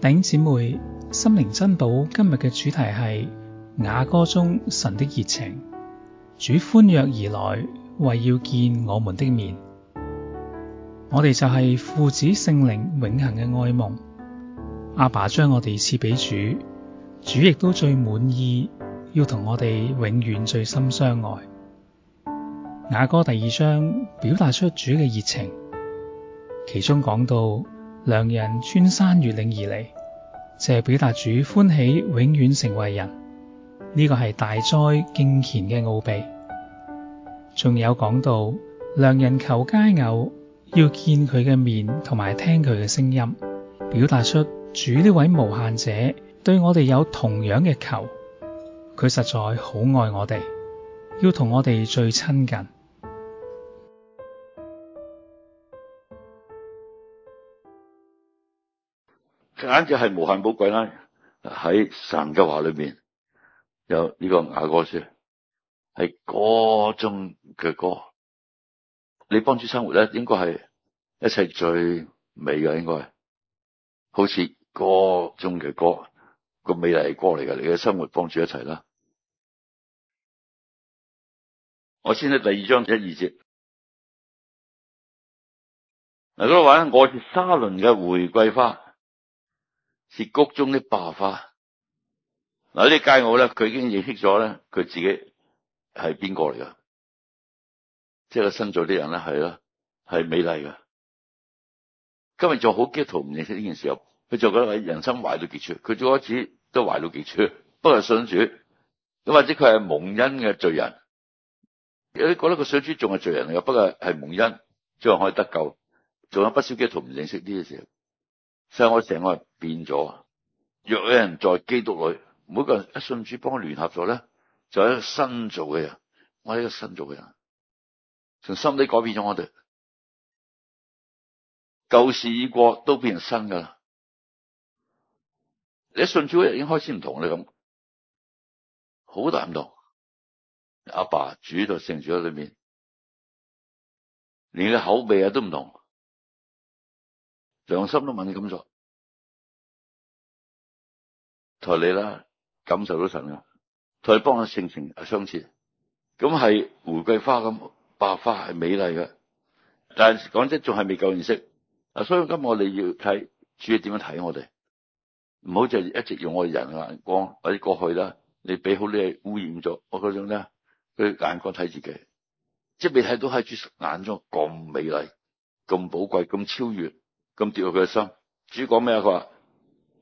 頂姐妹，心靈珍寶，今日嘅主題係雅歌中神的熱情。主歡躍而來，為要見我們的面。我哋就係父子聖靈永恒嘅愛夢。阿爸將我哋賜俾主，主亦都最滿意，要同我哋永遠最深相愛。雅歌第二章表達出主嘅熱情，其中講到良人穿山越嶺而嚟。借表達主歡喜永遠成為人，呢個係大哉敬虔嘅奧秘。仲有講到良人求佳偶，要見佢嘅面同埋聽佢嘅聲音，表達出主呢位無限者對我哋有同樣嘅求，佢實在好愛我哋，要同我哋最親近。簡直係無限寶貴啦！喺神嘅話裏面有呢個雅歌書，係歌中嘅歌。你幫助生活咧，應該係一切最美嘅，應該好似歌中嘅歌，個美麗係歌嚟嘅。你嘅生活幫住一齊啦。我先喺第二章一二節嗱，嗰度話咧，我是沙崙嘅玫瑰花。是谷中的百合花嗱，呢啲佳偶咧，佢已經認識咗咧，佢自己係邊個嚟噶？即係個新造嘅啲人咧，係咯、啊，係美麗噶。今日仲有好基督徒唔認識呢件事，佢仲覺得人生壞到極處，佢最開始都壞到極處，不過信主咁或者佢係蒙恩嘅罪人，有啲覺得佢信主仲係罪人嚟嘅，不過係蒙恩，最後可以得救。仲有不少基督徒唔認識呢件事。所以我成個人變咗，若有人在基督裏，每一個人一信主，幫我聯合咗咧，就係一個新造嘅人。我係一個新造嘅人，從心底改變咗我哋，舊事已過，都變成新噶啦。你一信主個人已經開始唔同啦，咁好大唔同。阿爸主到聖主喺裏面，連個口味啊都唔同。良心都問你咁做，同你啦，感受到神啊，同佢幫我性情相似，咁係玫瑰花咁百花係美麗嘅，但係講真仲係未夠認識啊！所以今日我哋要睇主要點樣睇我哋，唔好就一直用我哋人嘅眼光或者過去啦。你俾好你係污染咗我嗰種咧，佢眼光睇自己，即係未睇到喺主眼中咁美麗、咁寶貴、咁超越。咁跌落佢嘅心，主講咩啊？佢話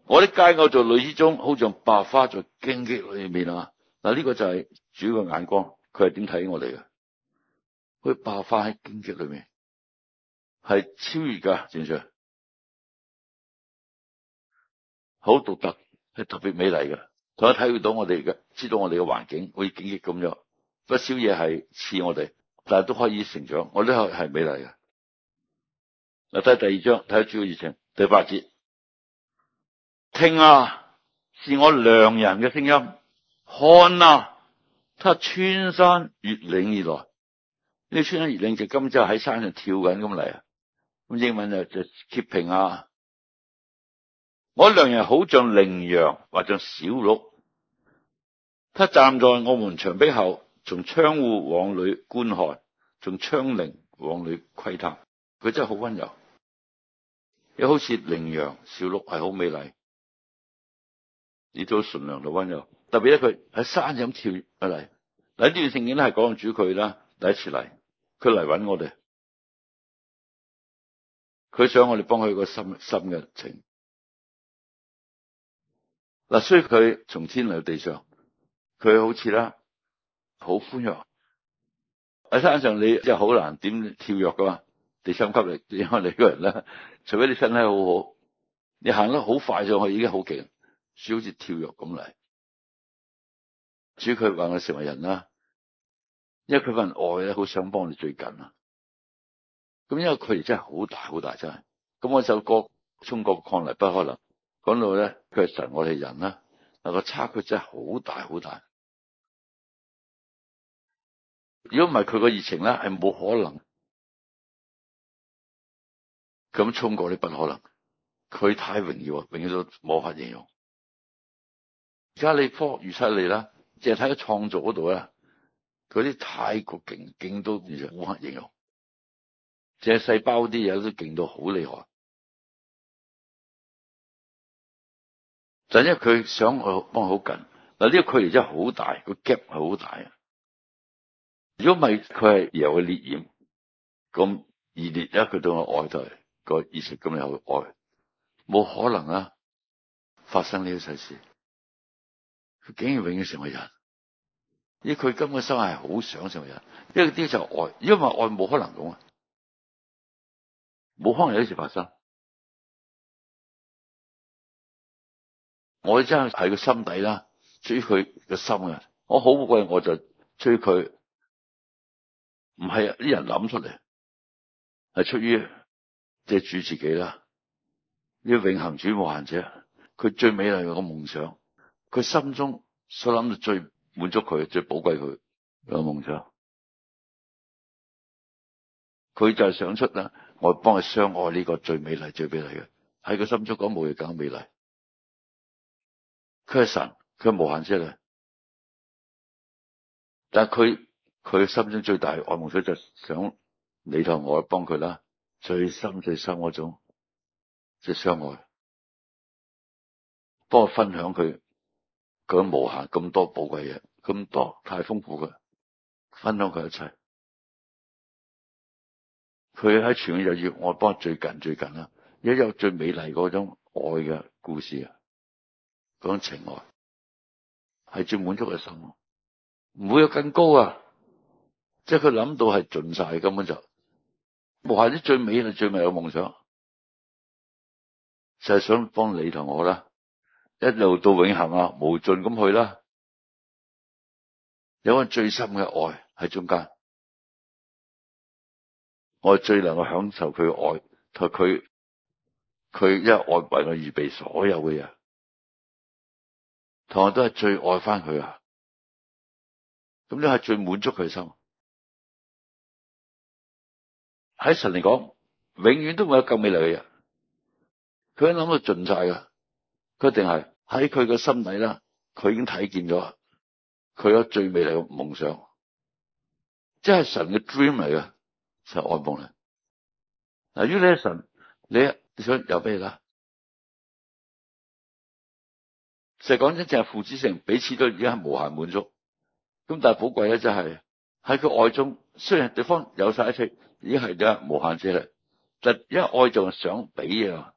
我啲佳偶在女之中，好像百合花在荊棘裏面啊！嗱、啊，呢、這個就係主嘅眼光，佢係點睇我哋嘅？佢百合花喺荊棘裏面，係超越噶，正常，好獨特，係特別美麗嘅。佢體會到我哋嘅，知道我哋嘅環境，好似荊棘咁樣，不少嘢係似我哋，但係都可以成長，我呢個係美麗嘅。嗱，睇第二章，睇下主要熱情，第八節，聽啊，是我良人嘅聲音，看啊，他穿山越嶺而來。呢，穿山越嶺就今朝喺山上跳緊咁嚟啊，咁英文就就 leaping 啊，我良人好像羚羊或像小鹿，他站在我們牆壁後，從窗戶往裡觀看，從窗棂往裡窺探。佢真係好溫柔。又好似羚羊、小鹿，係好美麗，亦都好純良同溫柔。特別咧，佢喺山上跳嚟。嗱呢段情景咧係講主佢啦，第一次嚟，佢嚟搵我哋，佢想我哋幫佢個心心嘅情。嗱，所以佢從天嚟到地上，佢好似啦好歡躍喺山上，你又好難點跳躍噶嘛。第地心吸力，因為你個人咧，除非你身體好好，你行得好快上去已經好勁，好似跳躍咁嚟。主佢話我成為人啦，因為佢份愛咧好想幫你最近啊。咁因為佢哋真係好大好大真係。咁我首歌《中國抗力不可能》講到咧，係實我哋人啦，嗱、那個差距真係好大好大。如果唔係佢個熱情咧，係冇可能。咁衝過咧不可能，佢太榮耀，榮耀到冇法形容。而家你科學越出嚟啦，淨係睇到創造嗰度啦，嗰啲太過勁，勁到完全冇法形容。淨係細胞啲嘢都勁到好厲害，就因為佢想去幫好近嗱，呢個距離真係好大，嗰個 gap 係好大。如果唔係佢係由個裂縫咁而裂咧，佢到去外頭。個意識咁有愛，冇可能啊！發生呢一切事，佢竟然永遠成為人。以佢根本心係好想成為人，因為啲就愛，因為愛冇可能咁啊，冇可能有呢事發生。我真係喺個心底啦，追佢個心嘅，我好過人我就追佢，唔係啊啲人諗出嚟，係出於。即係主自己啦，呢個永恒主無限者，佢最美麗個夢想，佢心中所諗最滿足佢最寶貴佢個夢想，佢就係想出啦，我幫佢相愛呢個最美麗最美麗嘅喺佢心中講冇嘢更美麗，佢係神，佢係無限者啦。但係佢佢心中最大嘅愛夢想就係想你同我幫佢啦。最深最深嗰種即係相愛，幫我分享佢佢無限咁多寶貴嘢，咁多太豐富嘅，分享佢一切。佢喺全前日要我幫最近最近啦，一有最美麗嗰種愛嘅故事啊，嗰種情愛係最滿足嘅心，唔會有更高啊！即係佢諗到係盡晒根本就。無限啲最美嘅最美嘅夢想，就係、是、想幫你同我啦，一路到永恒啊，無盡咁去啦，有個最深嘅愛喺中間，我最能夠享受佢嘅愛同佢，佢因為愛一為我預備所有嘅嘢，同我都係最愛翻佢啊，咁呢係最滿足佢心。喺神嚟講，永遠都冇有咁美麗嘅人。佢一諗到盡晒噶，佢定係喺佢嘅心底啦，佢已經睇見咗，佢有最美麗嘅夢想，即係神嘅 dream 嚟嘅，就神愛夢嚟。嗱，如果你係神，你想有咩噶？就係講真，淨係父子性，彼此都已經係無限滿足。咁但係寶貴咧，就係喺佢愛中，雖然對方有晒一切。已經係啦，無限之啦。就因為愛就係想俾啊，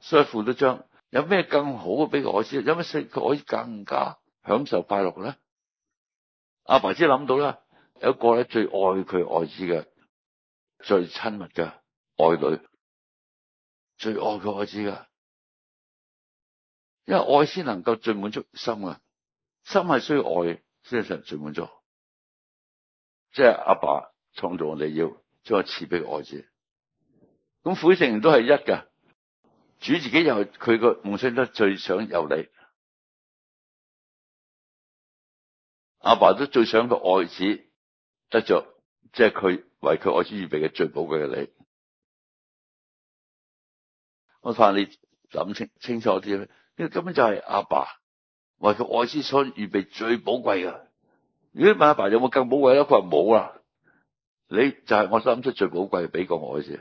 所以父都將有咩更好嘅俾個愛子？有咩可以更加享受快樂咧？阿爸先諗到啦，有一個咧最愛佢愛子嘅，最親密嘅愛女，最愛佢愛子嘅，因為愛先能夠最滿足心啊！心係需要愛先至實最滿足，即係阿爸創造我哋要將我賜俾愛子，咁父成都係一噶。主自己又佢個夢想得最想有你，阿爸都最想個愛子得着，即係佢為佢愛子預備嘅最寶貴嘅你。我怕你諗清清楚啲，呢個根本就係阿爸，爸為佢愛子所預備最寶貴噶。如果問阿爸，爸有冇更寶貴咧？佢話冇啊。你就係我心出最寶貴，俾過我嘅啫。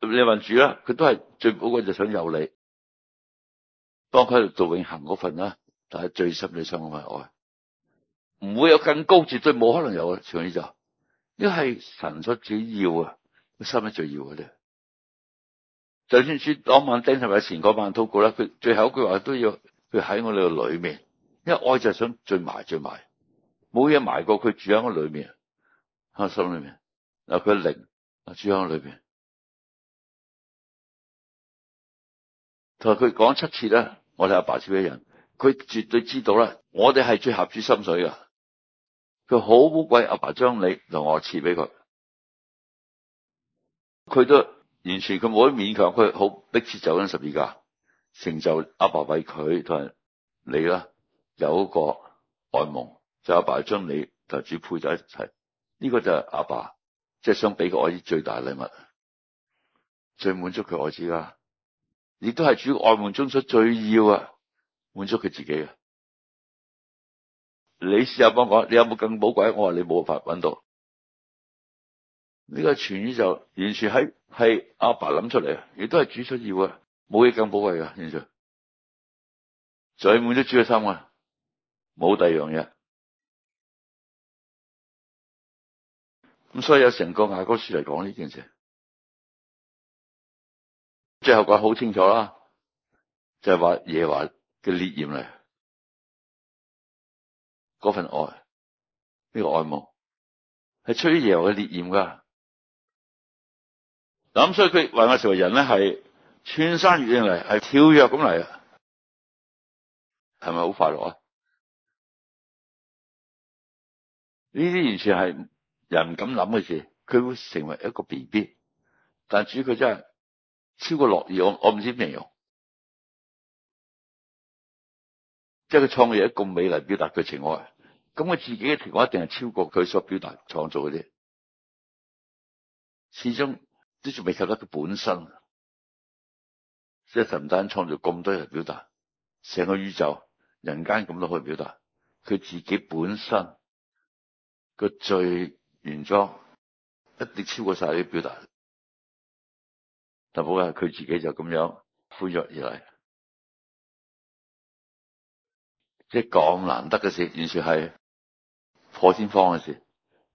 你問主啦、啊，佢都係最寶貴，就想有你，幫佢喺度做永恒嗰份啦。但係最深的心最想嗰份愛，唔會有更高，絕對冇可能有啊！所呢就因為係神所主要啊，心最要嘅啫。就算說當晚釘十字前嗰晚禱告啦，佢最後一句話都要佢喺我哋嘅裏面，因為愛就係想最埋最埋。冇嘢埋過佢住喺我裏面，喺心裏面嗱，佢靈住喺我裏面，同佢講七次咧，我哋阿爸超一人，佢絕對知道啦，我哋係最合主心水噶，佢好寶貴阿爸將你同我賜俾佢，佢都完全佢冇啲勉強，佢好逼切走緊十字架，成就阿爸，爸為佢同埋你啦，有一個愛夢。就阿爸將你同主配在一齊，呢、這個就阿爸即係、就是、想俾個愛子最大禮物，最滿足佢愛子啦。亦都係主愛門中所最要啊，滿足佢自己嘅。你試下幫我講，你有冇更寶貴？我話你冇法搵到。呢、這個全意就完全係係阿爸諗出嚟，亦都係主所要啊，冇嘢更寶貴嘅，完全最就滿足主嘅心啊，冇第二樣嘢。咁所以有成個雅歌書嚟講呢件事，最後句好清楚啦，就係話耶華嘅烈焰嚟，嗰份愛，呢、這個愛慕係出於耶和華嘅烈焰噶。咁所以佢話我成候人咧係躥山越嶺嚟，係跳躍咁嚟，係咪好快樂啊？呢啲完全係。人唔敢諗嘅事，佢會成為一個 BB，但主佢真係超過樂意，我唔知咩用。即係佢創嘅嘢咁美嚟表達佢情愛，咁佢自己嘅情愛一定係超過佢所表達創造嗰啲，始終都仲未及得佢本身，即係唔單創造咁多人表達，成個宇宙人間咁多可以表達，佢自己本身個最。原裝一啲超過晒啲表達，但不好佢自己就咁樣歡躍而嚟，即係咁難得嘅事，完全係破天荒嘅事，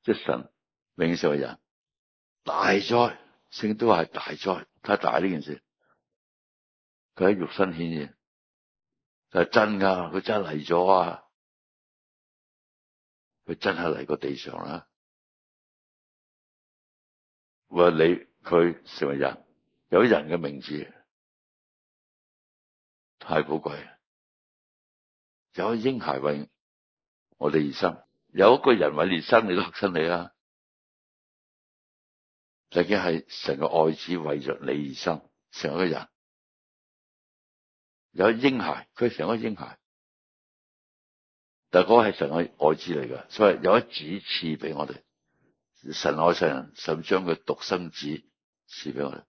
即係神永世嘅人，大災，聖都係大災，太大呢件事，佢喺肉身顯現，就係真噶，佢真係嚟咗啊，佢真係嚟過地上啦。話你佢成為人，有一人嘅名字太寶貴，有一嬰孩為我哋而生，有一個人為你而生，你都得親你啦。究竟係神嘅愛子為咗你而生，成個人有一嬰孩，佢成個嬰孩，但係嗰個係神嘅愛子嚟嘅，所以有一主賜俾我哋。神愛世人，甚至將佢獨生子賜俾我哋。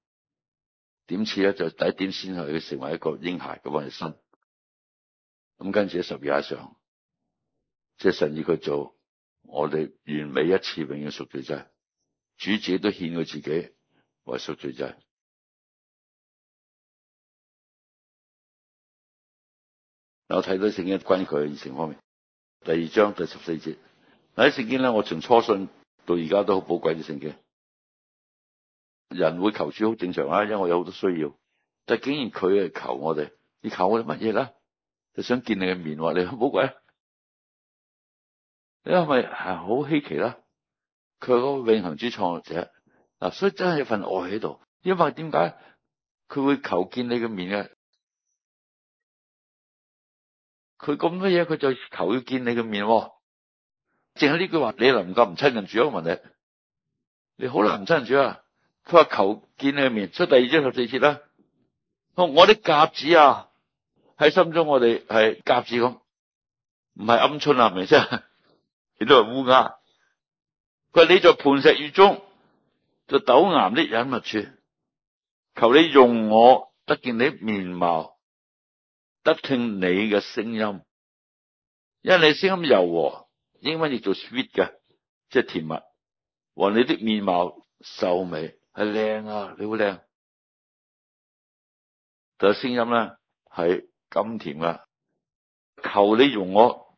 點賜咧？就第一點先係佢成為一個嬰孩嘅嚟生。咁跟住喺十二日上，即係神以佢做我哋完美一次永遠贖罪祭。主自己都獻佢自己為贖罪祭。嗱，我睇到聖經關於佢嘅事情方面，第二章第十四節第一聖經咧，我從初信。到而家都好寶貴啲成嘅人會求主好正常啊，因為我有好多需要，但係竟然佢係求我哋，你求我哋乜嘢咧？就想見你嘅面喎，你好寶貴，你係咪係好稀奇啦？佢係個永恆主創作者嗱，所以真係有份愛喺度。因為點解佢會求見你嘅面嘅？佢咁多嘢，佢就求要見你嘅面喎。淨係呢句話，你能夠唔親近主一個問題，你好難親近主啊！佢話求見你面，出第二章十四節啦。哦，我啲鴿子啊，喺心中我哋係鴿子咁，唔係鵪鶉啊，明唔明先？亦都係烏鴉。佢話你在磐石穴中，就陡巖啲隱密處，求你容我得見你面貌，得聽你嘅聲音，因為你聲音柔和。英文亦做 sweet 嘅，即係甜蜜。和你的面貌秀美係靚啊，你好靚。就聲音咧係咁甜噶。求你容我，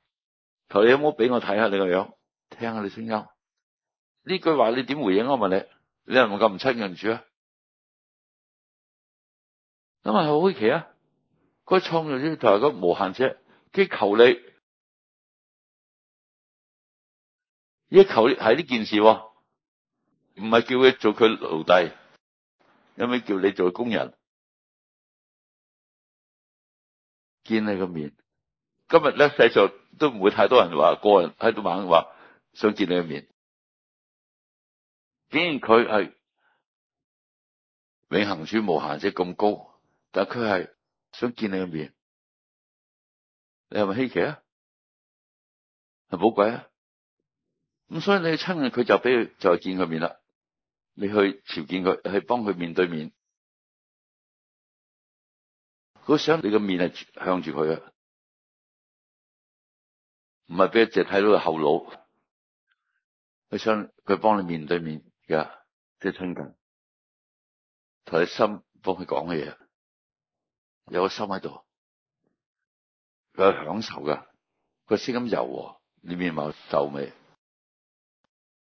求你有冇俾我睇下你個樣，聽下你聲音。呢句話你點回應我問你？你係咪咁唔親近主啊？咁係好奇啊。嗰個創造主同埋個無限者，即求你。一求係呢件事，唔係叫佢做佢奴隸，一味叫你做的工人，見你個面。今日咧世上都唔會太多人話，個人喺度猛話想見你個面。既然佢係永恒主、無限者咁高，但佢係想見你個面，你係咪稀奇啊？係寶貴啊？咁所以你親近佢就俾佢就見佢面啦。你去朝見佢，去幫佢面對面。佢想你個面係向住佢嘅，唔係俾佢淨睇到個後腦。佢想佢幫你面對面噶，即係親近，同你心幫佢講嘅嘢，有個心喺度，佢係享受噶，個聲音柔和，你面貌秀美。